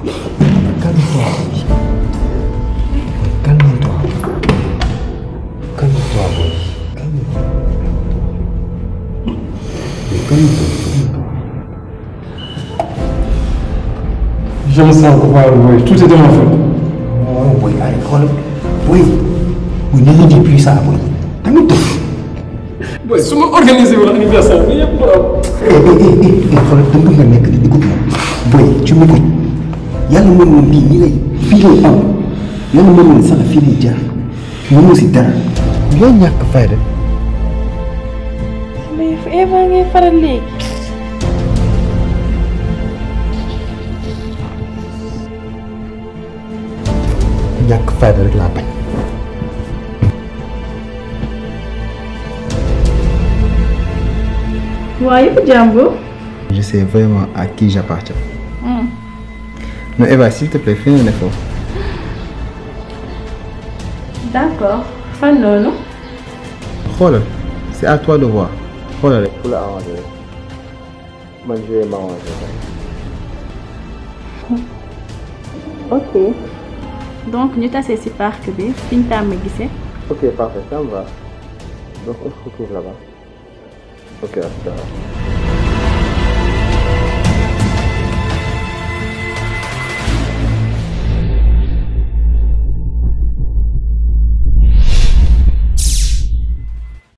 Calme-toi. Calme-toi. Calme-toi, Calme-toi. Calme-toi. Je me sens Tout est ma faute. Oh, oui, à l'école. Oui. Oui, ne plus ça, oui. Oui, si je organise pas Eh, eh, eh, eh, yali mun mun bi ni la fiilew am yali mun mun sax fii nii jaar mënu si dara. loo ñàkk fayda. mais Eva ngay faral léegi. ñàkk fayda rek laa bañ. waaye bu je sais vraiment à qui j'appartiens. mais Eva, s'il te plaît, fais un effort. D'accord. Fan, non Rôle, c'est à toi de voir. les là. Moi, je vais m'arranger. Ok. Donc, nous sommes ici par Québec. Finta me guisser. Ok, parfait, ça me va. Donc, on se retrouve là-bas. Ok, là, c'est